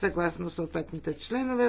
съгласно съответните членове